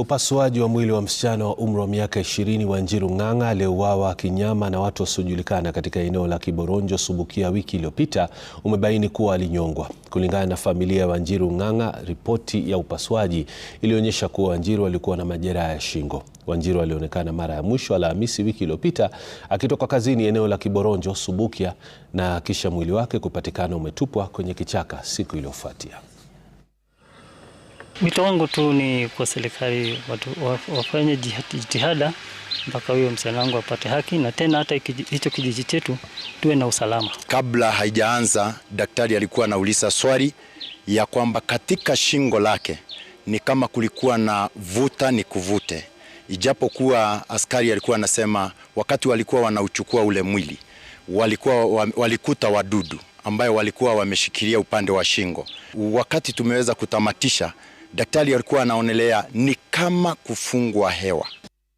Upasuaji wa mwili wa msichana wa umri wa miaka ishirini Wanjiru Ng'ang'a aliyeuawa kinyama na watu wasiojulikana katika eneo la Kiboronjo Subukia wiki iliyopita umebaini kuwa alinyongwa. Kulingana na familia ya Wanjiru Ng'ang'a, ripoti ya upasuaji ilionyesha kuwa Wanjiru alikuwa na majeraha ya shingo. Wanjiru alionekana mara ya mwisho Alhamisi wiki iliyopita akitoka kazini eneo la Kiboronjo Subukia na kisha mwili wake kupatikana umetupwa kwenye kichaka siku iliyofuatia. Wito wangu tu ni kwa serikali watu wafanye jitihada mpaka huyo msichana wangu apate haki, na tena hata hicho kijiji chetu tuwe na usalama. Kabla haijaanza, daktari alikuwa anauliza swali ya kwamba katika shingo lake ni kama kulikuwa na vuta ni kuvute, ijapokuwa askari alikuwa anasema wakati walikuwa wanauchukua ule mwili walikuwa walikuta wadudu ambayo walikuwa wameshikilia upande wa shingo. Wakati tumeweza kutamatisha, daktari alikuwa anaonelea ni kama kufungwa hewa.